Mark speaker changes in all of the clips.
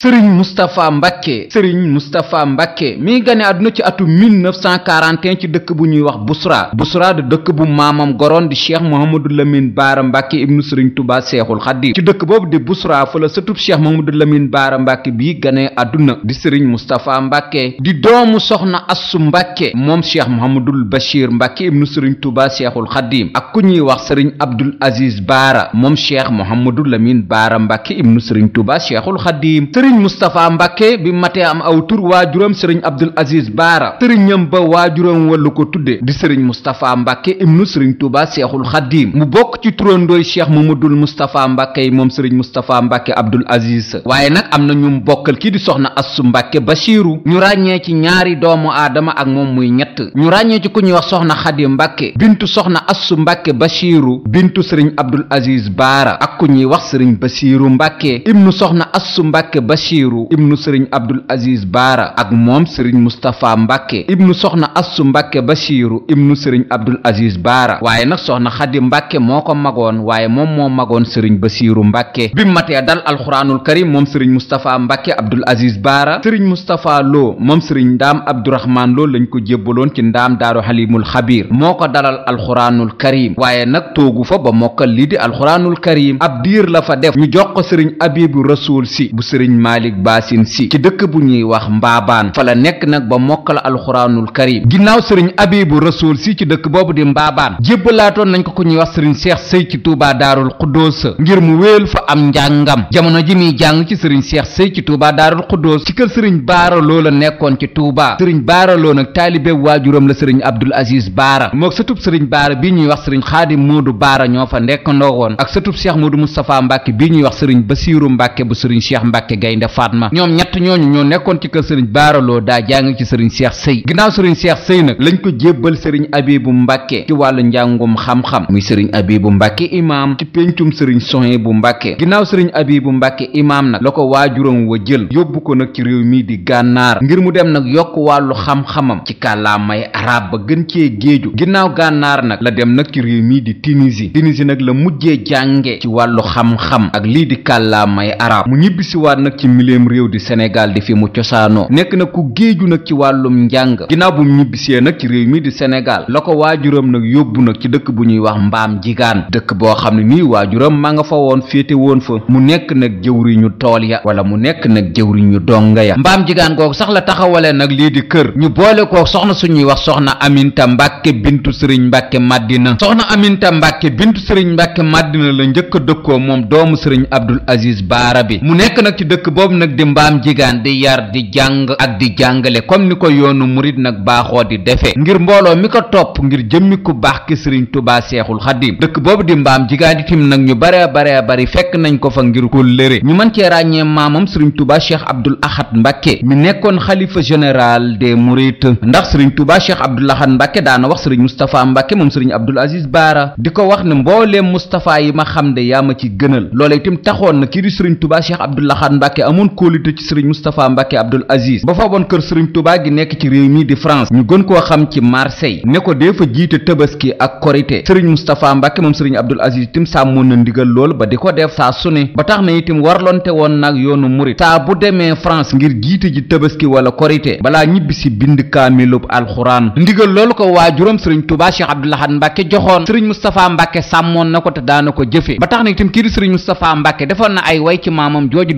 Speaker 1: sëriñ mustapha mbàkke sëriñ mustapha mbàkke mi gane àdduna ci atu 1941 ci dëkk bu ñuy wax busra busra di dëkk bu maamam goroon di cheikh mohamadou lamine baara mbàkke ibnu sëriñ tuba seexul xaddim ci dëkk boobu di busra fa la sëtub cheikh mohamadou lamine baara mbàkke bii gane àdduna di sëriñ mustapha mbàkke di doomu soxna assu mbàkke moom cheikh mohamadul bachir mbàkke ibnu sëriñ tuba seexul xaddim ak ku ñuy wax sëriñ abdul aziz baara moom cheikh mohamadou lamine baara mbàkke ibnu sëriñ tuba seexul xaddim sëriñ Moustapha Mbàkke bi matee am aw tur waajuram sëriñ Abdul Aziz Baara sëriñam ba waajuram wàllu ko tudde di sëriñ Moustapha Mbàkke ibnu sëriñ Touba Seexul Xadiim mu bokk ci turandooy mu Mamadul Moustapha Mbàkke yi moom sëriñ Moustapha Mbàkke Abdul Aziz waaye nag am na ñu bokkal kii di soxna Assu Mbàkke Basiiru ñu ràññee ci ñaari doomu aadama ak moom muy ñett ñu ràññee ci ku ñuy wax soxna Xadi Mbàkke bintu soxna Assu Mbàkke Basiiru bintu sëriñ Abdul Aziz Baara ak ku wax sëriñ Basiiru Mbàkke Bachiru ibnu sëriñ Abdul Aziz Baara ak moom sëriñ Mustapha Mbàkke ibnu soxna Assu ba Bachiru ibnu sëriñ Abdul Aziz Baara waaye nag soxna Xadi Mbàkke moo ko magoon waaye moom moo magoon ba Bachiru Mbàkke bi matee dal alxuraanul karim moom sëriñ Mustapha Mbàkke Abdul Aziz Baara sëriñ Mustapha Lo moom sëriñ Ndaam Abdurahmaan Lo lañ ko jébbaloon ci ndaam daaru Xalimul Xabiir moo ko dalal alxuraanul karim waaye nag toogu fa ba mokkal lii di Malick Bassine Sy ci dëkk bu ñuy wax mbaabaan fa la nekk nag ba mokkal alxuraanul karim ginnaaw sëriñ abibu rasool si ci dëkk boobu di mbaabaan jébbalaatoon nañ ko ko ñuy wax sëriñ seex sëy ci Touba daarul xuddoos ngir mu wéel fa am njàngam jamono ji muy jàng ci sëriñ seex sëy ci Touba daarul xuddoos ci kër sëriñ baara loo la nekkoon ci Touba sëriñ baara loo nag taalibe waajuram la sëriñ Abdul Aziz Baara mook sëtub sëriñ baara bi ñuy wax sëriñ xaadim moodu baara ñoo fa nekkandoo woon ak sëtub seex moodu Moustapha Gaynde Fatma ñoom ñett ñooñu ñoo nekkoon ci kër sëriñ baaraloo daa jàng ci sëriñ Seex Sëy ginnaaw sëriñ Seex Sëy nag lañ ko jébbal sëriñ Abibu Mbàkke ci wàllu njàngum xam-xam muy sëriñ Abibu Mbàkke imaam ci péncum sëriñ Sohaybu bu Mbàkke ginnaaw sëriñ abi Abibu Mbàkke imaam nag la ko waajuram wa jël yóbbu ko nag ci réew mii di gànnaar ngir mu dem nag yokk wàllu xam-xamam ci kàllaamay arab ba gën cee géeju ginnaaw gànnaar nag la dem nag ci réew mii di Tunisie Tunisie nag la mujjee jànge ci wàllu xam lii di kàllaamay arab ci miléem réew di Sénégal di fi mu cosaanoo nekk na ku géeju nag ci wàllum njàng ginnaaw bu ñibbisee nag ci réew mi di Sénégal la ko waajuram nag yóbbu nag ci dëkk bu ñuy wax mbaam jigaan dëkk boo xam ne nii waajuram ma nga fa woon féete woon fa mu nekk nag jëwriñu tool ya wala mu nekk nag jëwriñu donga ya mbaam jigaan googu sax la taxawalee nag lii di kër ñu boole ko soxna suñuy wax soxna Aminta Mbàkke bintu Sëriñ Mbàkke Madina soxna Aminta Mbàkke bintu Sëriñ Mbàkke Madina la njëkk dëkkoo moom doomu Sëriñ Abdul Aziz Baara boobu nag di mbaam jigaan di yar di jàng ak di jàngale comme ni ko yoonu murit nag baaxoo di defee ngir mbooloo mi ko topp ngir jëmmi ku baax ki sëriñ tubaa seexul xadim dëkk boobu di mbaam jigaan itim nag ñu bare bare bari fekk nañ ko fa ngir ko lëre ñu man cee ràññee maamam sëriñ tubaa cheikh abdul ahad mbàkke mi nekkoon xalifa général des murit ndax sëriñ tubaa cheikh abdul ahad mbàkke daana wax sëriñ mustapha mbàkke moom sëriñ abdul aziz baara di ko wax ne mbooleem mustapha yi ma xam de ma ci gënal amoon kóolite ci sëriñ Moustapha Mbacke Abdoul Aziz ba fooboon kër sëriñ Touba gi nekk ci réew mi di France ñu gën koo xam ci Marseille ne ko dee fa jiite tabaski ak korite sëriñ Moustapha Mbacke moom sëriñ Abdoul Aziz itam sàmmoon na ndigal lool ba di ko def saa su ne ba tax na itam warlonte woon nag yoonu murit saa bu demee France ngir jiite ji tabaski wala korite balaa ñibbi si bind kaamilub alxuraan ndigal loolu ko waajuram sëriñ Touba Cheikh sëriñ Moustapha Mbacke ko te daana ko jëfe ba tax na itam kii di sëriñ na ay way ci maamam jooju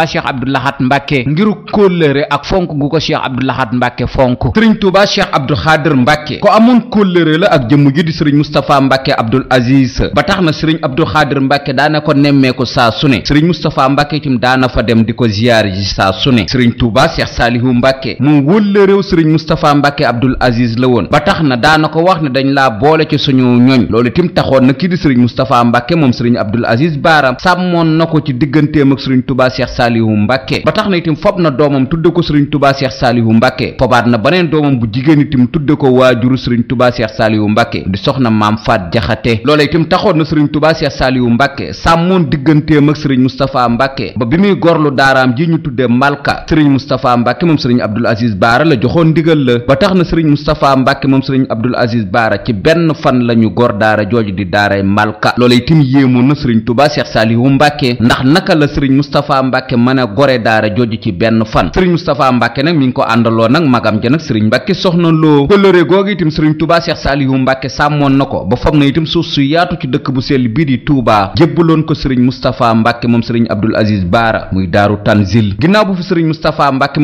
Speaker 1: Touba Cheikh Abdou Lahad Mbacke ngiru kóllëre ak fonk gu ko Cheikh Abdou Lahad Mbacke fonk sëriñ Touba Cheikh Abdou Khader Mbacke ko amoon kóllëre la ak jëmm ji di sëriñ Moustapha Mbacke Abdoul ba tax na sëriñ Abdou Khader daana ko nemmeeku saa su ne sëriñ Moustapha Mbacke itam daana fa dem di ko ziyaar ji saa su ne sëriñ Touba Cheikh Salihu Mbacke moom wóllërew sëriñ Moustapha Mbacke Abdoul la woon ba tax na daana ko wax ne dañ laa boole ci suñu ñoñ loolu tim taxoon saalihu mbàkke ba tax na itam fob na doomam tudde ko sëriñ tubaa seex saalihu mbàkke fobaat na baneen doomam bu jigéen itam tudde ko waajuru sëriñ tubaa seex saalihu mbàkke di soxna maam faat jaxate loola itam taxoon na sëriñ tubaa seex mbàkke sàmmoon digganteem ak sëriñ mustapha mbàkke ba bi muy lu daaraam ji ñu tudde malka sëriñ mustapha mbàkke moom sëriñ abdul aziz baara la joxoon ndigal la ba tax na sëriñ mustapha mbàkke moom sëriñ abdul aziz baara ci benn fan la ñu gor daara jooju di daaray malka loola itam yéemoon na sëriñ tubaa seex saalihu mën a gore daara jooju ci benn fan sëriñ Moustapha Mbàkke nag mi ngi ko àndaloo nag magam ja nag sëriñ Mbàkke soxna loo kóllëre googu itam sëriñ Touba Cheikh Saliou Mbàkke ba ko sëriñ Moustapha Mbàkke moom sëriñ Abdul Aziz Baara muy daaru Tanzil ginnaaw bu fi sëriñ Moustapha ko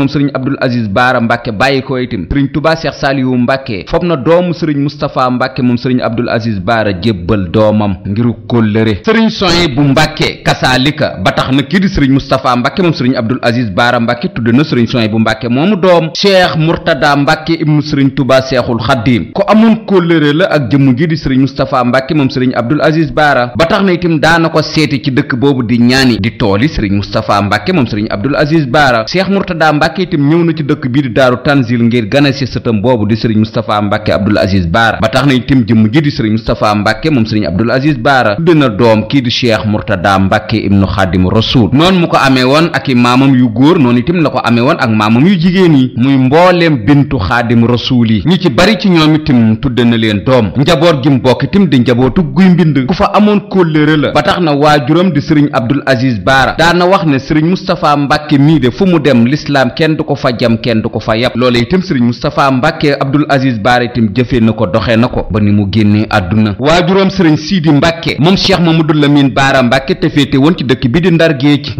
Speaker 1: itam sëriñ Touba Cheikh Saliou Mbàkke fab na doomu sëriñ Moustapha Mbàkke moom sëriñ Abdul Aziz Baara jébbal doomam ngiru kóllëre sëriñ Soy bu Mbàkke kasaalika ba tax na kii sëriñ Moustapha Mbàkke moom sëriñ Abdul Aziz Baara Mbàkke tudd na sëriñ Suhaybu Mbàkke moomu doom Cheikh Murtada Mbàkke ibnu sëriñ Tuubaa Seexul Xaddiim ko amoon kóllëre la ak jëmm ji di sëriñ Mustapha Mbàkke moom sëriñ Abdul Aziz Baara ba tax na itam daana ko seeti ci dëkk boobu di ñaani di tooli sëriñ Mustapha Mbàkke moom sëriñ Abdul Aziz Baara Cheikh Murtada Mbàkke itam ñëw na ci dëkk bii di Daaru Tanzil ngir gane si sëtam boobu di sëriñ Mustapha Mbàkke Abdul Aziz Baara ba tax na itam jëmm ji di sëriñ Mustapha Mbàkke moom sëriñ Abdul Aziz Baara tudd na doom kii di Cheikh Murtada Mbàkke ibnu Xaadimu Rasuul noonu mu ko amee woon ak i maamam yu góor noonu itam la ko amee woon ak maamam yu jigéen yi muy mbooleem bintu xaadim rasuul yi ñi ci bari ci ñoom itam tudde na leen doom njaboot gi mu bokk itam di njabootu guy mbind ku fa amoon kóllëre la ba tax na waajuram di sëriñ abdul aziz baara daana wax ne sëriñ mustapha mbàkke mii de fu mu dem lislaam kenn du ko fa jam kenn du ko fa yab loola itam sëriñ mustapha mbàkke abdul aziz baara itam jëfee na ko doxee na ko ba ni mu génnee àdduna waajuram sëriñ siidi mbàkke moom cheikh mamadou lamine baara mbàkke te féete woon ci dëkk bi ndar géej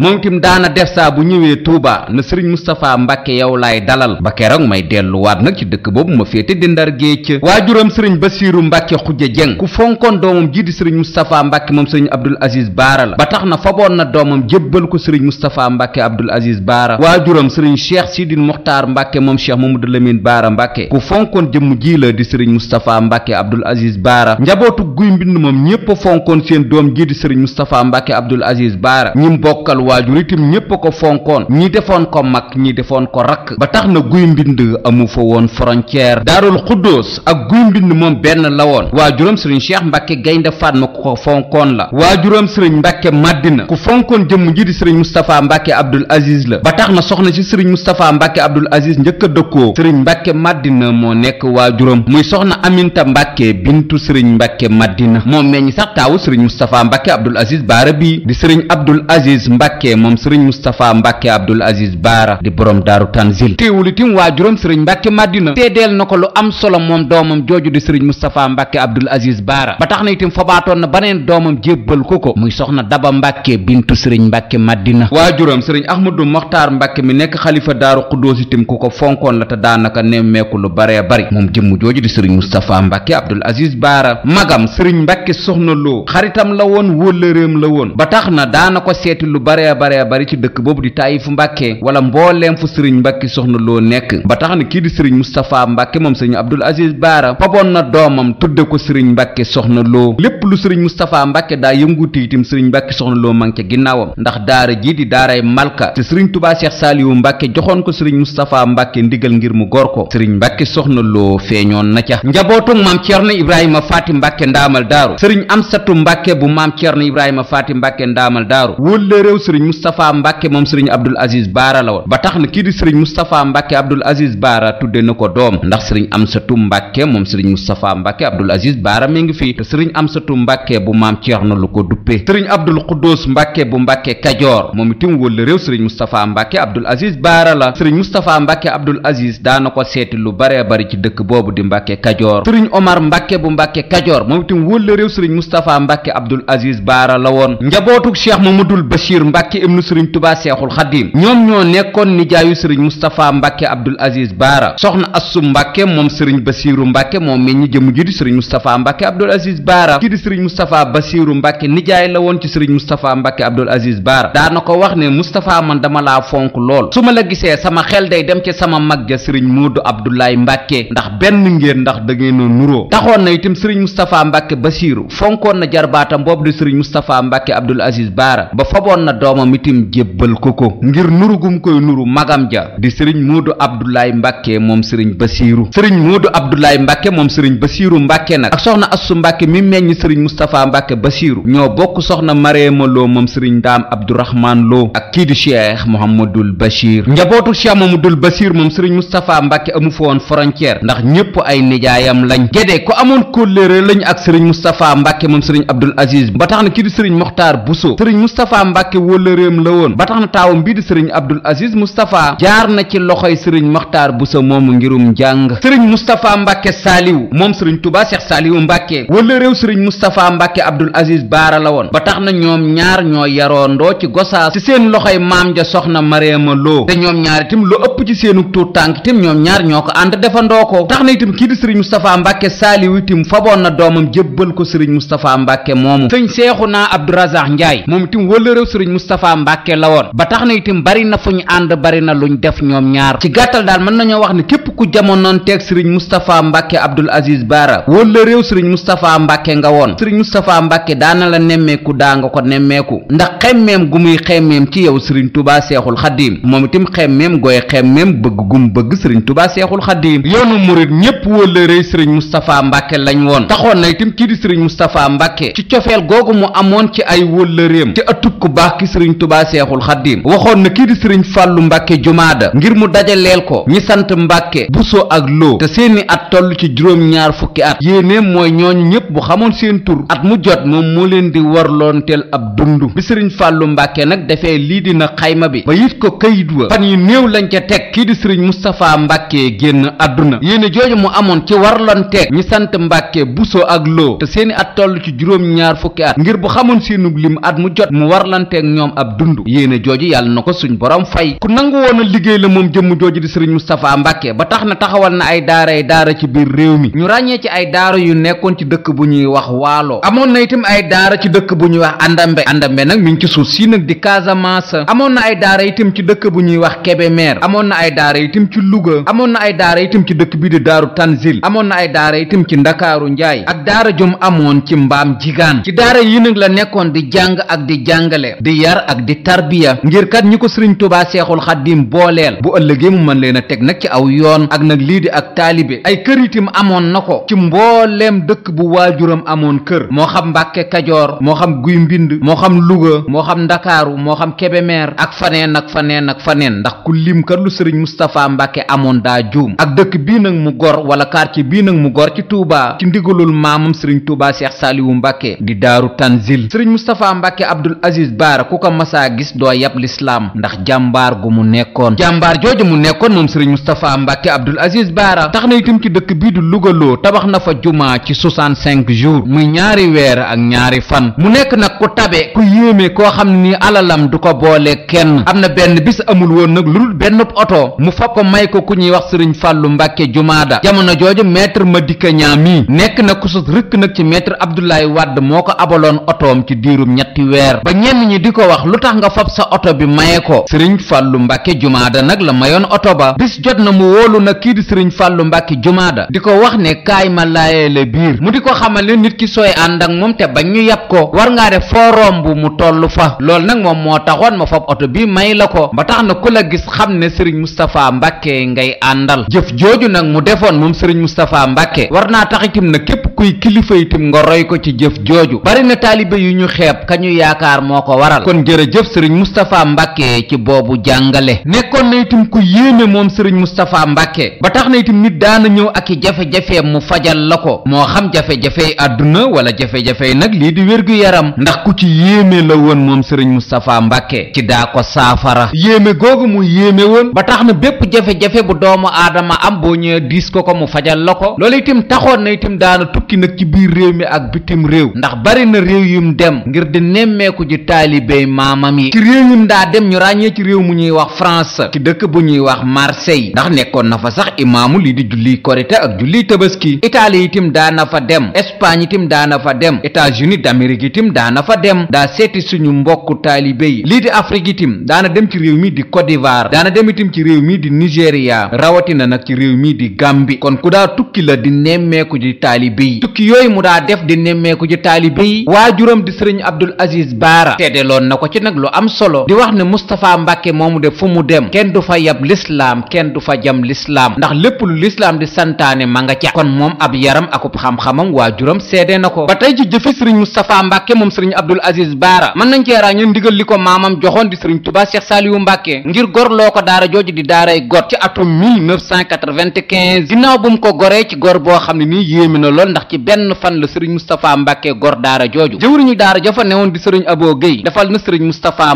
Speaker 1: soxna Defsa bu ñëwee Touba na sëriñ Moustapha Mbacke yow laay dalal ba keroog may delluwaat nag ci dëkk boobu ma féete di ndar géej waajuram sëriñ Basiiru Mbacke xujja jëng ku fonkoon doomam jii di sëriñ Moustapha Mbacke moom sëriñ Abdul Aziz Baara la ba tax na faboon na doomam jébbal ko sëriñ Moustapha Mbacke Abdul Aziz Baara waajuram sëriñ Cheikh Sidine Mokhtar Mbacke moom Cheikh Mamadou Lamine Baara Mbacke ku fonkoon jëmm ji la di sëriñ Moustapha Mbacke Abdul Aziz Baara njabootu guy mbind moom ñépp fonkoon seen doom jii di sëriñ Moustapha Mbacke Abdul Aziz Baara ñim bokkal waajur itam ñépp a ko fonkoon ñi defoon ko mag ñi defoon ko rakk ba tax na guy mbind amu fa woon frontière daarul xuddoos ak guy mbind moom benn la woon waajuram sëriñ cheikh mbàkke gaynde fatma ku ko fonkoon la waajuram sëriñ mbàkke màddina ku fonkoon jëmm ji di sëriñ mustapha mbàkke abdul aziz la ba tax na soxna si sëriñ mustapha mbàkke abdul aziz njëkk a dëkkoo sëriñ mbakke màddina moo nekk waajuram muy soxna aminta mbàkke bintu sëriñ mbàkke màddina moom meññ sax taawu sëriñ mustapha mbàkke abdul aziz baara bi moom sëriñ Moustapha Mbacke Abdoul Aziz Baara di borom daaru Tanzil téewul itam waajuram sëriñ Mbacke Madina teedeel na ko lu am solo moom doomam jooju di sëriñ Moustapha Mbacke Abdoul Aziz Baara ba tax na itam fabaatoon na baneen doomam jébbal ko ko muy soxna Daba Mbacke bintu sëriñ Mbacke Madina waajuram sëriñ Ahmadou Mokhtar Mbacke mi nekk xalifa daaru ku ko fonkoon la te daanaka nemmeeku lu di sëriñ Moustapha Mbacke Abdoul Aziz Baara magam sëriñ Mbacke soxna loo xaritam la woon wóllëreem la woon ba tax na daana seeti lu baree baree bari ci dëkk boobu di Taïf Mbàkke wala mbooleem fu sëriñ Mbàkke soxna loo nekk ba tax na kii di sëriñ Moustapha Mbàkke moom sëriñ Abdul Aziz Baara faboon na doomam tudde ko sëriñ Mbàkke soxna loo lépp lu sëriñ Moustapha Mbàkke daa yënguti itam sëriñ Mbàkke soxna loo mang ca ginnaawam ndax daara jii di daaray Malka te sëriñ Tubaa Seex Saaliwu Mbàkke joxoon ko sëriñ Moustapha Mbàkke ndigal ngir mu gor ko sëriñ Mbàkke soxna loo feeñoon na ca njabootug maam Ceerno Ibrahima Faati Mbàkke ndaamal daaru sëriñ Amsatu Mbàkke bu maam Ceerno Ibrahima Faati Mbàkke ndaamal daaru Mbàkke moom sëriñ Abdul Aziz Baara la woon ba tax na kii di sëriñ Moustapha Mbàkke Abdul Aziz Baara bu maam Ceerno lu bu Mbàkke Kajoor moom itam wëlle réew sëriñ Moustapha Mbàkke Abdul Aziz Baara la sëriñ Moustapha Mbàkke Abdul Aziz daana ko seeti lu bare bari ci dëkk boobu di Mbàkke Kajoor sëriñ Omar Mbàkke bu Mbàkke Kajoor moom itam wëlle réew sëriñ Moustapha Mbàkke Abdul Aziz Baara la sëriñ tubaa seexul xaddiim ñoom ñoo nekkoon nijaayu sëriñ mustapha mbàkke abdul aziz baara soxna assu mbàkke moom sëriñ basiiru mbàkke moom meññi jëmu ji di sëriñ mustapha mbàkke abdul aziz baara ki di sëriñ mustapha basiiru mbàkke nijaay la woon ci sëriñ mustapha mbàkke abdul aziz baara daana ko wax ne mustapha man dama laa fonk lool su ma la gisee sama xel day dem ci sama mag ja sëriñ muudu abdulaay mbàkke ndax benn ngeen ndax da ngeen nuroo taxoon na itam sëriñ mustapha mbàkke basiiru fonkoon na jarbaatam boobu di sëriñ mustapha mbàkke abdul aziz baara ba jébbal ko ko ngir nuru gum koy nuru magam ja di sëriñ moodu abdoulaye mbàkke moom sëriñ basiiru sëriñ moodu abdoulaye mbàkke moom sëriñ basiiru mbàkke nag ak soxna assu mbàkke mi meññ sëriñ moustapha mbàkke basiiru ñoo bokk soxna mareema loo moom sëriñ ndaam abdourahman loo ak kii di cheikh mohamadul bachir njabootu cheikh mohamadul bachir moom sëriñ moustapha mbàkke amu fa woon frontière ndax ñépp ay nijaayam lañ gédee ko amoon kóllëre lañ ak sëriñ moustapha mbàkke moom sëriñ abdul aziz ba tax na kii di sëriñ moxtaar buso sëriñ moustapha mbàkke wóllëreem la woon woon ba tax na taawam bii di sëriñ Abdul Aziz Moustapha jaar na ci loxoy sëriñ Maxtaar Buso moomu ngirum njàng sëriñ Moustapha Mbàkke Saaliw Abdul Aziz Baara la woon ba tax na ñoom ñaar ñoo yaroondoo ci Gosaas ci seen loxoy maam ja soxna Mariama Lo te ñoom ñaar itam lu ëpp ci seenu tànk itam ñoom ñaar ñoo ko ànd defandoo ko tax na itam kii di sëriñ Moustapha Mbàkke Saaliw itam faboon na doomam jébbal ko sëriñ Moustapha Mbàkke moomu sëñ Njaay moom itam wala réew sëriñ Moustapha Mbàkke la woon ba tax na itam bari na fu ñu ànd bari na luñ def ñoom ñaar ci gàttal daal mën nañoo wax ne képp ku jamonoon teeg sëriñ Moustapha Mbacke Abdoul Aziz Bara wóor la réew sëriñ Moustapha Mbacke nga woon sëriñ Moustapha Mbacke daana la nemmeeku daa nga ko nemmeeku ndax xemmeem gu muy xemmeem ci yow sëriñ Touba Seexul Xadiim moom itam xemmeem gooy xemmeem bëgg gum bëgg sëriñ Touba Seexul Xadiim yoonu murit ñépp wóor la réew sëriñ Moustapha Mbacke lañ woon taxoon la réem ci ëttub ku baax ki sëriñ Touba Seexul seexul xaddiim waxoon na kii di sëriñ fàllu mbàkke jumaada ngir mu dajaleel ko ñi sant mbàkke buso ak loo te seeni at tollu ci juróom fukki at yéeneem mooy ñooñu ñépp bu xamoon seen tur at mu jot moom moo leen di warloonteel ab dund bi fàllu mbàkke nag dafee lii dina xayma bi ba ko kayit wa fan yu néew lañ ca teg kii di sëriñ mustapha mbàkke génn àdduna yéene jooju mu amoon ci warlonteeg ñi sant mbàkke buso ak loo seeni at toll ci juróom-ñaar fukki at ngir bu xamoon seenub lim at mu jot mu warlanteeg ñoom ab dund yéene jooju yàlla na ko suñ borom fay ku nangu woon a liggéey la moom jëmm jooju di sëriñ Moustapha Mbàkke ba tax na taxawal na ay daara ay daara ci biir réew mi ñu ràññee ci ay daara yu nekkoon ci dëkk bu ñuy wax waalo amoon na itam ay daara ci dëkk bu ñuy wax Andambe Andambe nag mi ngi ci suuf si nag di Casamance amoon na ay daara itam ci dëkk bu ñuy wax Kébémer amoon na ay daara itam ci Louga amoon na ay daara itam ci dëkk bi di Daaru Tanzil amoon na ay daara itam ci Ndakaaru Njaay ak daara jum amoon ci Mbaam Jigaan ci di jàng ak di di yar ak tarbiya ngir kat ñi ko sëriñ tubaa seexul xaddim booleel bu ëllëgee mu mën leen a teg nag ci aw yoon ak nag lii di ak taalibe ay kër itam amoon na ko ci mbooleem dëkk bu waajuram amoon kër moo xam mbàkke kajoor moo xam guy mbind moo xam luga moo xam ndakaaru moo xam kebemeer ak faneen ak faneen ak faneen ndax ku lim kat lu sëriñ mustapha mbàkke amoon daa juum ak dëkk bii nag mu gor wala quartier bii nag mu gor ci tuuba ci ndigalul maamam sëriñ tuubaa seex saaliwu mbàkke di daaru gis doo yab lislaam ndax jàmbaar gu mu nekkoon jàmbaar jooju mu nekkoon moom sëriñ Moustapha Mbacke Abdoul Aziz Baara tax na itam ci dëkk bii du lugaloo tabax na fa jumaa ci 65 jours muy ñaari weer ak ñaari fan mu nekk nag ku tabe ku yéeme koo xam ni alalam du ko boole kenn am na benn bis amul woon nag lu dul benn oto mu fab ko may ko ku ñuy wax sëriñ Fàllu Mbacke Jumaada jamono jooju maître Madika Ñaam mii nekk na ku rëkk nag ci maître Abdoulaye Wade moo ko abaloon otoom ci diirum weer fab sa oto bi maye ko sëriñ fàllu mbàkke jumaada nag la mayoon oto ba bis jot na mu wóolu na kii di sëriñ fàllu mbàkke jumaada di ko wax ne kaay ma laayee la biir mu di ko xamal ne nit ki sooy ànd ak moom te bañ ñu yàpp ko war ngaa def foo romb mu toll fa loolu nag moom moo taxoon ma fab oto bi may la ko ba tax na ku la gis xam ne sëriñ Moustapha Mbàkke ngay àndal jëf jooju nag mu defoon moom sëriñ Moustapha Mbàkke war naa tax itam na képp kuy kilifa itam nga ko ci jëf jooju sëriñ Moustapha Mbàkke ci boobu jàngale nekkoon na itam ku yéeme moom sëriñ Moustapha Mbàkke ba tax na itam nit daana ñëw ak i jafe-jafe mu fajal la ko moo xam jafe-jafey àdduna wala jafe-jafey nag lii di wér-gu-yaram ndax ku ci yéeme la woon moom sëriñ Moustapha Mbàkke ci daa ko saafara yéeme googu mu yéeme woon ba tax na bépp jafe-jafe bu doomu aadama am boo ñëwee diis ko ko mu fajal la ko loolu itam taxoon na itam daana tukki nag ci biir réew mi ak bitim réew ndax bari ci réew yun daa dem ñu ràññee ci réew mu ñuy wax France ci dëkk bu ñuy wax Marseille ndax nekkoon na fa sax imaamu lii di julliy korite ak julliy tabaski Italie itim daana fa dem Espagne itim daana fa dem États-Unis d'Amérique itim daana fa dem daa seeti suñu mbokku taalibe yi lii di Afrique itim daana dem ci réew mii di Côte d'Ivoire daana dem itim ci réew mii di Nigéria rawatina nag ci réew mii di gàmbi kon ku daa tukki la di nemmeeku ji taalibe yi tukki yooyu mu daa def di nemmeeku ji taalibe yi waajuram di sëriñ Abdul am solo di wax ne Moustapha Mbacke moomu de fu mu dem kenn du fa yab lislaam kenn du fa jam lislaam ndax lépp lu lislaam di santaane ma nga ca kon moom ab yaram akub xam-xamam waa waajuram seede na ko ba tey ci jëfe sëriñ Moustapha Mbacke moom sëriñ Abdul Aziz Baara mën nañ cee ràññee ndigal li ko maamam joxoon di sëriñ Touba Cheikh Saliou Mbacke ngir gor loo ko daara jooju di daaray gor ci atum 1995 ginnaaw bu mu ko goree ci gor boo xam ne nii yéeme na lool ndax ci benn fan la sëriñ Moustapha Mbacke gor daara jooju jëwriñu daara ja fa newoon di sëriñ Abo Guèye defal na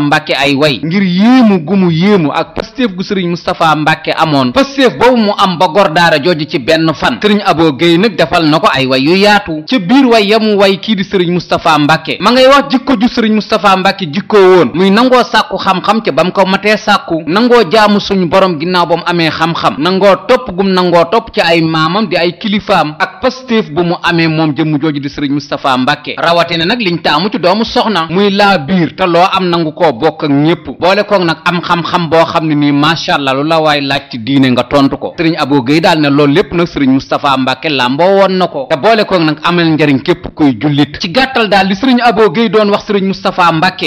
Speaker 1: Mbàkke ay way ngir yéemu gu mu yéemu ak pasteef gu sëriñ Moustapha Mbàkke amoon pasteef boobu mu am ba gor daara jooju ci benn fan sëriñ Abo Guèye nag defal na ko ay way yu yaatu ca biir way ya mu way kii di sëriñ Moustapha Mbàkke ma ngay wax jikko ju sëriñ Moustapha Mbàkke jikkoo woon muy nangoo sàkku xam-xam ca ba mu ko matee sàkku nangoo jaamu suñu boroom ginnaaw ba mu amee xam-xam nangoo topp gum nangoo topp ci ay maamam di ay kilifaam ak pasteef bu mu amee moom jëmm jooju di sëriñ Moustapha Mbàkke rawatina nag liñ am koo bokk ak ñëpp boole koog nag am xam-xam boo xam ne nii macha allah lu la waay laaj ci diine nga tontu ko sëriñ Abo Guèye daal ne loolu lépp nag sëriñ Moustapha Mbacke làmboo woon na ko te boole koog nag amal njariñ képp koy jullit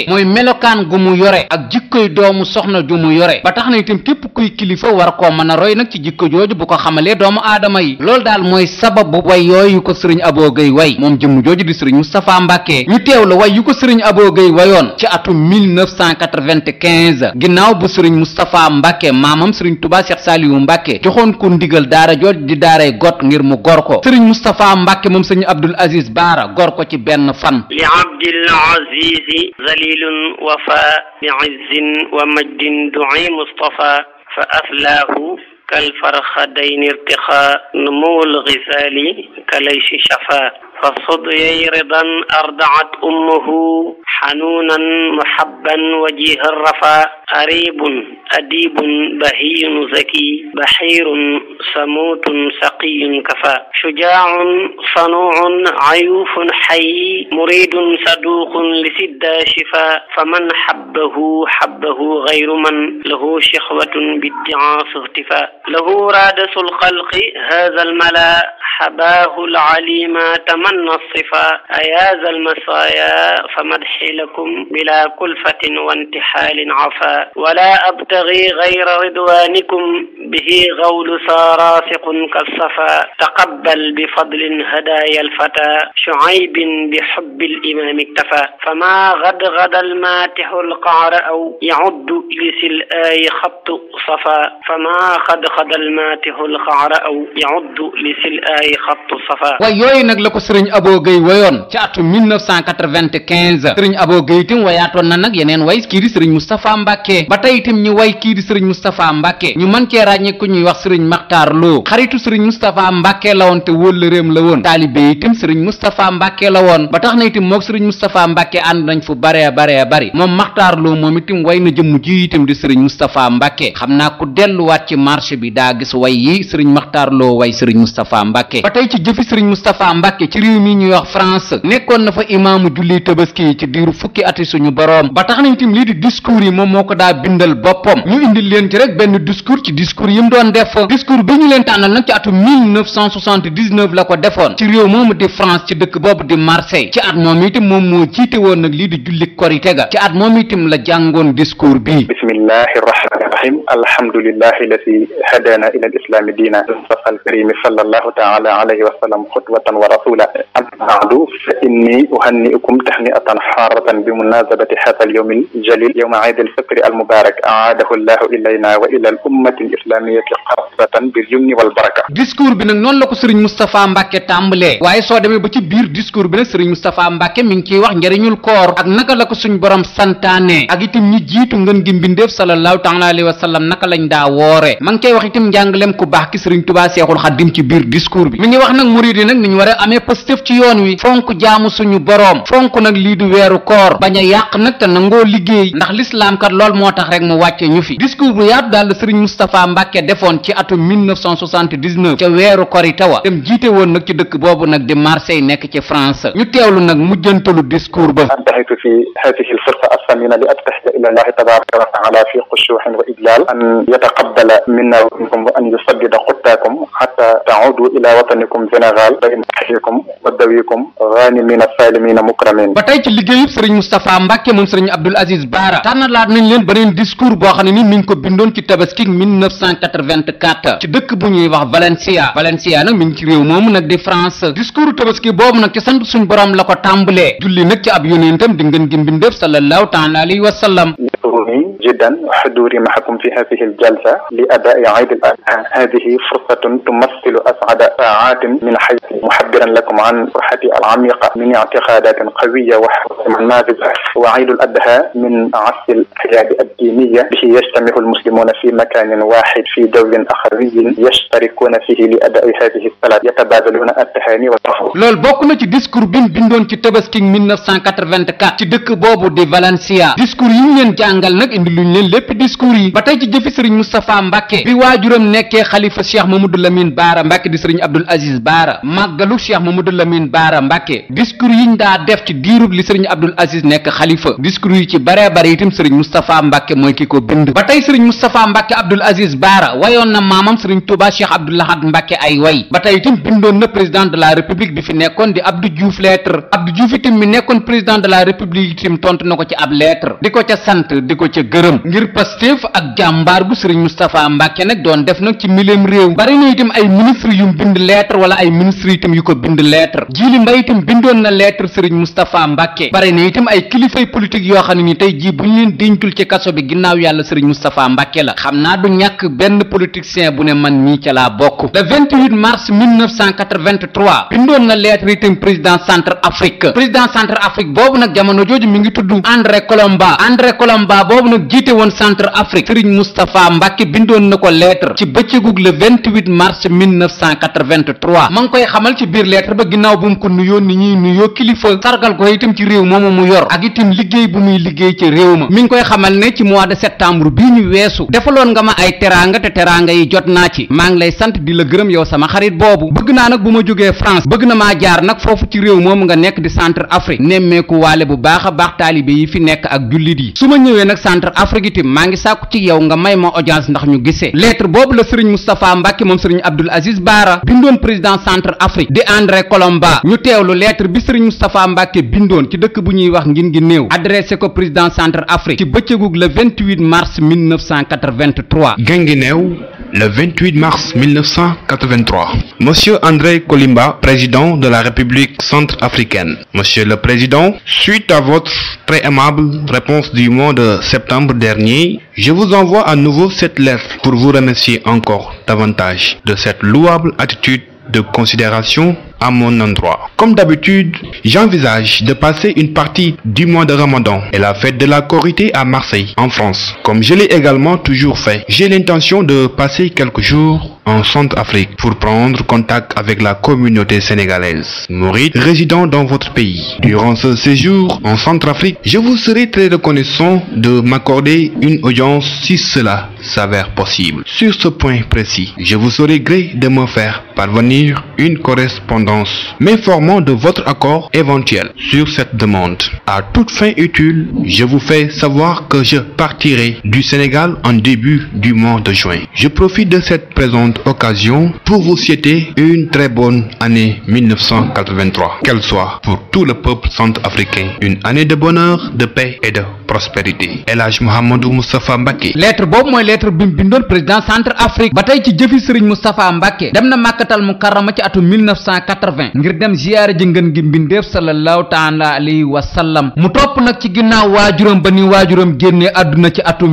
Speaker 1: mooy melokaan gu mu yore ak jikkoy doomu soxna ju mu yore ba tax na itam képp kuy kilifa war koo mën a roy nag ci jikk jooju bu ko xamalee doomu aadama yi loolu daal mooy sababu way yooyu ko sëriñ Abo Guèye way moom jëmm jooju di sëriñ Moustapha Mbacke ñu teew la way yu ko sëriñ Abo Guèye 1995 ginnaaw bu sëriñ Moustapha Mbacke maamam sëriñ Touba Cheikh Saliou Mbacke joxoon ko ndigal daara jooj di daaray got ngir mu gor ko sëriñ Moustapha Mbacke moom sëriñ Abdul Aziz Baara gor ko ci benn fan
Speaker 2: li Abdil Aziz zalilun wafa bi izzin wa majdin du'i Mustafa fa aflahu kal farxadayn irtixa numul ghisaali kalay si فصد يرضا أرضعت أمه حنونا محبا وجيه الرفا أريب أديب بهي زكي بحير سموت سقي كفى شجاع صنوع عيوف حي مريد صدوق لسد شفاء فمن حبه حبه غير من له شخوة بادعاء اختفاء له رادس الخلق هذا الملا حباه العليم تم tamanna sifa ayaaza almasaaya fa madxi lakum bila kulfatin wa intixaalin afa wala abtagi gayra ridwanikum bihi gawlu saa raasiqun kasafa taqabbal bifadlin hadaaya alfata shucaybin bixubbi alimaami iktafa fama gadgada almaatixu alqacra aw yacuddu ilisi alaayi xattu safa fama gadgada almaatixu alqacra aw yacuddu ilisi alaayi xattu
Speaker 1: safa sëriñ Abo Gueye wayoon ci atu 1995 sëriñ Abo Gueye itam wayaatoon na nag yeneen way kii di sëriñ Moustapha Mbacke ba tey itam ñu way kii di sëriñ Moustapha Mbacke ñu mën cee ràññee ku ñuy wax sëriñ Makhtar Lo xaritu sëriñ Moustapha Mbacke la woon te wóllëreem la woon taalibe itam sëriñ Moustapha Mbacke la woon ba tax na itam mook sëriñ Moustapha Mbacke ànd nañ fu bare bare bari moom Makhtar Lo moom itam way na jëmm ji itam di sëriñ Moustapha Mbacke xam naa ku delluwaat ci marché bi daa gis way yi sëriñ Makhtar Lo way sëriñ Moustapha Mbacke ba tey réew mi ñuy wax France nekkoon na fa imaamu julli tabaski yi ci diiru fukki ati suñu boroom ba tax nañ tim lii di discours yi moom moo ko daa bindal boppam ñu indil leen ci rek benn discours ci doon def discours bi ñu leen tànnal nag la ko defoon ci réew moomu di France ci dëkk boobu di Marseille ci at moom itam moom moo jiite woon nag lii di julli korite ga ci at moom itam la jàngoon discours bi bismillahi rahmani rahim alhamdulillahi
Speaker 3: alladi hadana ila al islami diina mustafa al karimi sallallahu taala alayhi wa sallam أبعد فإني أهنئكم تهنئة حارة بمناسبة هذا اليوم الجليل يوم عيد الفطر المبارك أعاده الله إلينا وإلى الأمة الإسلامية خاصة باليمن والبركة
Speaker 1: discours bi nag noonu la ko Serigne Moustapha Mbacke tàmbalee waaye soo ba ci biir discours bi nag Serigne Moustapha Mbacke mi ngi ciy wax njëriñul koor ak naka la ko suñ borom santaane ak itam ñi jiitu ngën gi mbindeef sallallahu taala alayhi wa sallam naka lañ daa woore ma ngi koy wax itam njàngaleem ku baax ki Serigne Touba Seexul Xaddim ci biir discours bi pëstëf ci yoon wi fonk jaamu suñu boroom fonk nag lii du weeru koor bañ yàq nag te nangoo liggéey ndax lislaam lool moo tax rek mu wàcce ñu fi discours bu yaatu daal la sëriñ Moustapha Mbàkke defoon ci atum 1979 ca weeru korite wa dem jiite woon nag ci dëkk boobu nag di Marseille nekk ci France ñu teewlu nag mujjantalu discours ba antahaytu fi
Speaker 3: hadihi alfursa athamina li abtahida ila allahi tabaraka wa taala fi xushuuxin wa idlal an yataqabbala minna wa minkum wa an yusaddida xuttaakum xatta taudu ila Sénégal wa dawikum ghanimina salimina mukramin
Speaker 1: ba tey ci liggéeyub sëriñ Moustapha Mbacke moom sëriñ Abdoul Aziz Baara tànnalaat nañ leen beneen discours boo xam ne ni mi ngi ko bindoon ci tabaski 1984 ci dëkk bu ñuy wax Valencia Valencia nag mi ngi ci réew moomu nag di France discours tabaski boobu nag ci sant suñ borom la ko tàmbalee julli nag ci ab yonentam di ngeen gi mbindeef sallallahu taala alayhi wa sallam
Speaker 3: جدا وحضوري معكم في هذه الجلسة لأداء عيد الأضحى هذه فرصة تمثل أسعد ساعات من حياتي محبرا لكم عن فرحتي العميقة من اعتقادات قوية وحكم ناضجة وعيد الأضحى من عصر القيادة الدينية به يجتمع المسلمون في مكان واحد في جو أخوي يشتركون فيه لأداء هذه الصلاة يتبادلون التهاني والتفاؤل
Speaker 1: loolu bokk na ci discours bi mu bindoon ci tabaski 1984 ci dëkk boobu di Valencia discours yi ñu leen jàngal nag indi lu luñ leen lépp discours yi ba tey ci jëfi sëriñ Moustapha Mbacke bi waajuram nekkee xalifa cheikh Mamadou Lamine Baara Mbacke di sëriñ Abdoul Aziz Baara màggalu cheikh Mamadou Lamine Baara Mbacke discours ñu daa def ci diirub li sëriñ Abdoul Aziz nekk xalifa discours yi ci baree bare itam sëriñ Moustapha Mbacke mooy ki ko bind ba tey sëriñ Moustapha Mbacke Abdoul Aziz Baara wayoon na maamam sëriñ Touba cheikh Abdoul Ahad Mbacke ay way ba tey itam bindoon na président de la république bi fi nekkoon di Abdou Diouf lettre la république tontu na ko ci ab di ko ca sant ko cëram ngir Pastef ak jàmbaar gu sëriñ Moustapha Mbacke nag doon def nag ci mileem réew bari na ay ministre yu bind lettre wala ay ministre itam yu ko bind lettre Djily Mbaye itam bindoon na lettre sëriñ Moustapha Mbacke bari na ay kilifay politique yoo xam ne ni tey jii bu ñu leen déncul ci kaso bi ginnaaw yàlla sëriñ Moustapha Mbacke la xam naa du ñàkk benn politicien bu ne man mii ca laa bokk le 28 mars 1983 bindoon na lettre itam président centre Afrique président centre Afrique boobu nag jamono jooju mi ngi tudd André Colomba André Colomba boobu nag jiite woon centre Afrique Serigne Moustapha Mbacke bindoon na ko lettre ci bëccëgug le 28 mars 1983 ma nga koy xamal ci biir lettre ba ginnaaw bu mu ko nuyoon ni ñuy nuyoo kilifa sargal ko itam ci réew moomu mu yor ak itam liggéey bu muy liggéey ci réew ma mi ngi koy xamal ne ci mois de septembre bii ñu weesu defaloon nga ma ay teraanga te teraanga yi jot naa ci maa ngi lay sant di la gërëm yow sama xarit boobu bëgg naa nag bu ma jógee France bëgg na maa jaar nag foofu ci réew moomu nga nekk di centre Afrique nemmeeku waale bu baax a baax taalibe yi fi nekk ak jullit yi ma ñëwee Afrique itam maa ngi sàkku ci yow nga may ma audience ndax ñu gisee lettre boobu la sëriñ Moustapha Mbacke moom sëriñ Abdoul Aziz Baara bindoon président centre Afrique di André Colomba ñu teewlu lettre bi sëriñ Moustapha Mbacke bindoon ci dëkk bu ñuy wax ngin gi néew adressé ko président centre Afrique ci bëccëgug le 28 mars 1983. Guinguinéo
Speaker 4: le 28 mars 1983. Monsieur André Kolimba, président de la République centrafricaine. Monsieur le Président, suite à votre très aimable réponse mois de septembre novembre dernier, je vous envoie à nouveau cette lettre pour vous remercier encore davantage de cette louable attitude de considération à mon endroit. Comme d'habitude, j'envisage de passer une partie du mois de Ramadan et la fête de la Corité à Marseille, en France. Comme je l'ai également toujours fait, j'ai l'intention de passer quelques jours en Centrafrique pour prendre contact avec la communauté sénégalaise. Mouride, résident dans votre pays. Durant ce séjour en Centrafrique, je vous serai très reconnaissant de m'accorder une audience si cela s'avère possible. Sur ce point précis, je vous serai gré de me faire parvenir une correspondance m'informant de votre accord éventuel sur cette demande. À toute fin utile, je vous fais savoir que je partirai du Sénégal en début du mois de juin. Je profite de cette présente occasion pour vous souhaiter une très bonne année 1983. Qu'elle soit pour tout le peuple centrafricain une année de bonheur, de paix et prospérité El Hadj Mouhamadou Moustapha Mbacke lettre
Speaker 1: boobu mooy lettre bi mu bindoon président centre Afrique ba tey ci jëfi Serigne Moustapha Mbacke dem na màkkatal mu ci atum 1980 ngir dem ziyaare ji ngën gi mbindeef sallallahu taala alayhi wa sallam mu topp nag ci ginnaaw waajuram ba ni waajuram génnee àdduna ci atum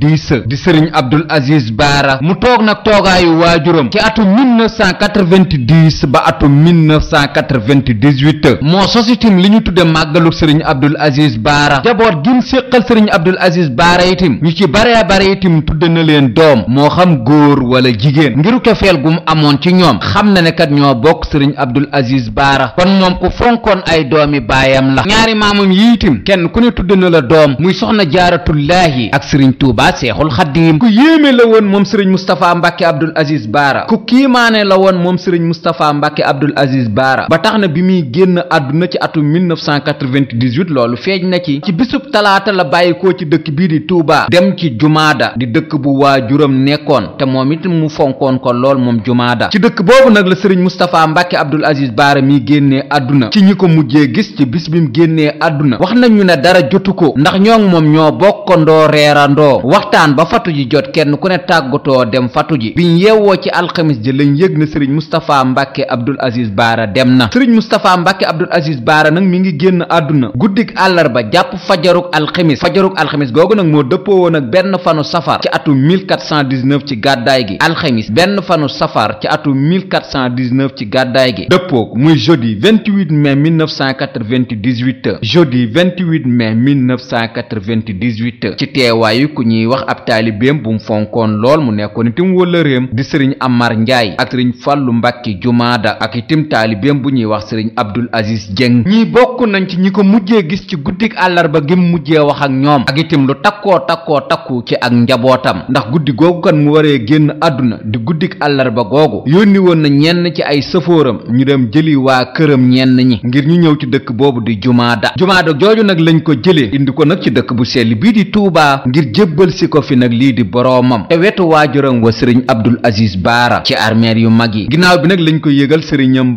Speaker 1: di Serigne Abdoul Aziz Baara mu toog nag toogaayu waajuram ci atum 1990 ba atum 1998 moo sositim li ñu tudde màggalu Serigne Abdoul Aziz Baara baara jaboot gim séqal sëriñ abdul aziz baara itim ñu ci bare bare itim tudde na leen doom moo xam góor wala jigéen ngiru cofeel mu amoon ci ñoom xam na ne kat ñoo bokk sëriñ abdul aziz baara kon moom ku fonkoon ay doomi baayam la ñaari maamam yi itim kenn ku ne tudd na la doom muy soxna jaaratullaahi ak sëriñ tuuba seexul xaddiim ku yéeme la woon moom sëriñ mustapha mbàkke abdul aziz baara ku kiimaane la woon moom sëriñ mustapha mbàkke abdul aziz baara ba tax na bi muy génn àdduna ci atum 1998 loolu feeñ na si ci bisub talaata la bàyyikoo ci dëkk bii di Touba dem ci jumaada di dëkk bu waa waajuram nekkoon te moom it mu fonkoon ko lool moom jumaada ci dëkk boobu nag la sëriñ Moustapha Mbacke Abdoul Aziz Baara mi génnee àdduna ci ñi ko mujjee gis ci bis bi génnee àdduna wax nañu ne dara jotu ko ndax ñoo moom ñoo bokkandoo reerandoo waxtaan ba fatu ji jot kenn ku ne tàggatoo dem fatu ji biñ yeewoo ci alxamis lañ yëg sëriñ Moustapha Mbacke Abdoul Aziz Baara na sëriñ Moustapha Mbacke Abdoul Aziz Baara nag mi ngi génn àdduna guddik àllarba jàpp jàpp fajaruk alxemis fajaruk alxemis googu nag moo dëppoo woon ak benn fanu safar ci atu 1419 ci gàddaay gi alxemis benn fanu safar ci atu 1419 ci gàddaay gi dëppook muy jeudi 28 mai 1998 ci teewaayu ku ñuy wax ab taalibeem bu mu fonkoon lool mu nekkoon itam wala réem di sëriñ Amar Njaay ak sëriñ Fàllu Mbàkke Jumaada ak itam taalibeem bu ñuy wax sëriñ Abdul Aziz Jeng ñi bokk nañ ci ñi ko mujjee gis ci guddik àllarba gim mujjee wax ak ñoom ak itim lu takkoo takkoo takku ci ak njabootam ndax guddi googu kan mu waree génn àdduna di guddik àllarba googu yónni woon na ñenn ci ay sëfooram ñu dem jëli waa këram ñenn ñi ngir ñu ñëw ci dëkk boobu di jumaada jumaada jooju nag lañ ko jëlee indi ko nag ci dëkk bu sell bii di tuubaa ngir jébbal si ko fi nag lii di boroomam te wetu waajuram wa sëriñ abdul aziz baara ci armeer yu mag yi ginnaaw bi nag lañ ko yëgal sëriñam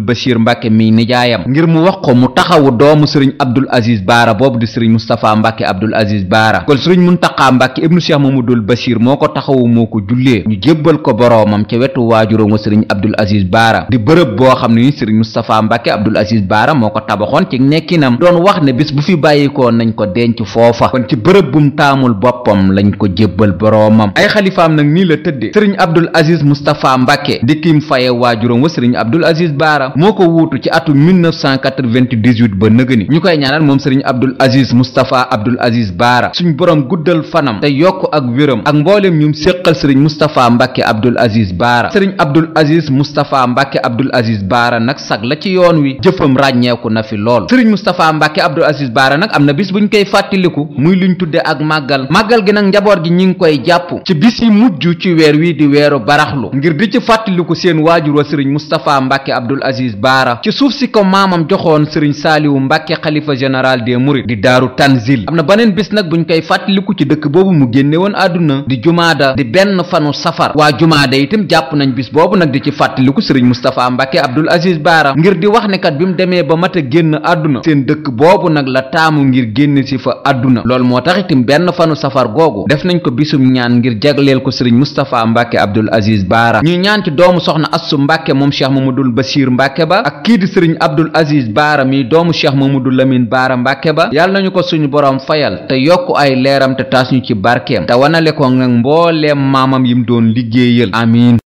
Speaker 1: Abdul Bachir Mbàkke mi nijaayam ngir mu wax ko mu taxawu doomu sëriñ Abdul Aziz Baara boobu di sëriñ Moustapha Mbàkke Abdul Aziz Baara kon sëriñ Muntaqa Mbàkke ibnu Cheikh Mamadul Bachir moo ko taxawu moo ko jullee ñu jébbal ko boroomam ca wetu waajuróom wa sëriñ Abdul Aziz Baara di bërëb boo xam ne sëriñ Moustapha Mbàkke Abdul Aziz Baara moo ko tabaxoon ci nekkinam doon wax ne bis bu fi bàyyikoo nañ ko denc foofa kon ci bërëb bum taamul boppam lañ ko jébbal boroomam ay xalifaam nag nii la tëddee sëriñ Abdul Aziz Moustapha Mbàkke di kim faye waajuróom wa sëriñ Abdul Aziz Baara moo ko wuutu ci atum 1998 ba nëgëni ñu koy ñaaral moom sëriñ Abdul Aziz Moustapha Abdul Aziz Baara suñu borom guddal fanam te yokk ak wéram ak mboolem ñum séqal sëriñ Moustapha Mbacke Abdul Aziz Baara sëriñ Abdul Aziz Moustapha Mbacke Abdul Aziz Baara nag sag la ci yoon wi jëfam ràññeeku na fi lool sëriñ Moustapha Mbacke Abdul Aziz Baara nag am na bis ñu koy fàttaliku muy ñu tudde ak màggal màggal gi nag njaboot gi ñu ngi koy jàpp ci bis yi mujj ci weer wi di weeru baraxlu ngir di ci fàttaliku seen waajur wa sëriñ Moustapha Mbacke Abdul Aziz Aziz Baara ci suuf si ko maamam joxoon sëriñ saaliwu mbàkke xalifa général des mourides di daaru tanzil am na baneen bis nag buñ koy fàttaliku ci dëkk boobu mu génne woon àdduna di jumaada di benn fanu safar waa jumaada itam jàpp nañ bis boobu nag di ci fàttaliku sëriñ mustafa Mbàkke Abdul Aziz Baara ngir di wax ne kat bi mu demee ba mat génn àdduna seen dëkk boobu nag la taamu ngir génn si fa àdduna lool moo tax itim benn fanu safar googu def nañ ko bisum ñaan ngir jagleel ko sëriñ Moustapha Mbàkke Abdul Aziz Baara ñuy ñaan mbàkke ak kii di sëriñ abdul aziz baara mi doomu cheikh du lamine baara mbàkke ba yàlla nañu ko suñu boroom fayal te yokk ay leeram te taas ñu ci barkeem te wanale ko nag mbooleem maamam yim doon liggéeyal amiin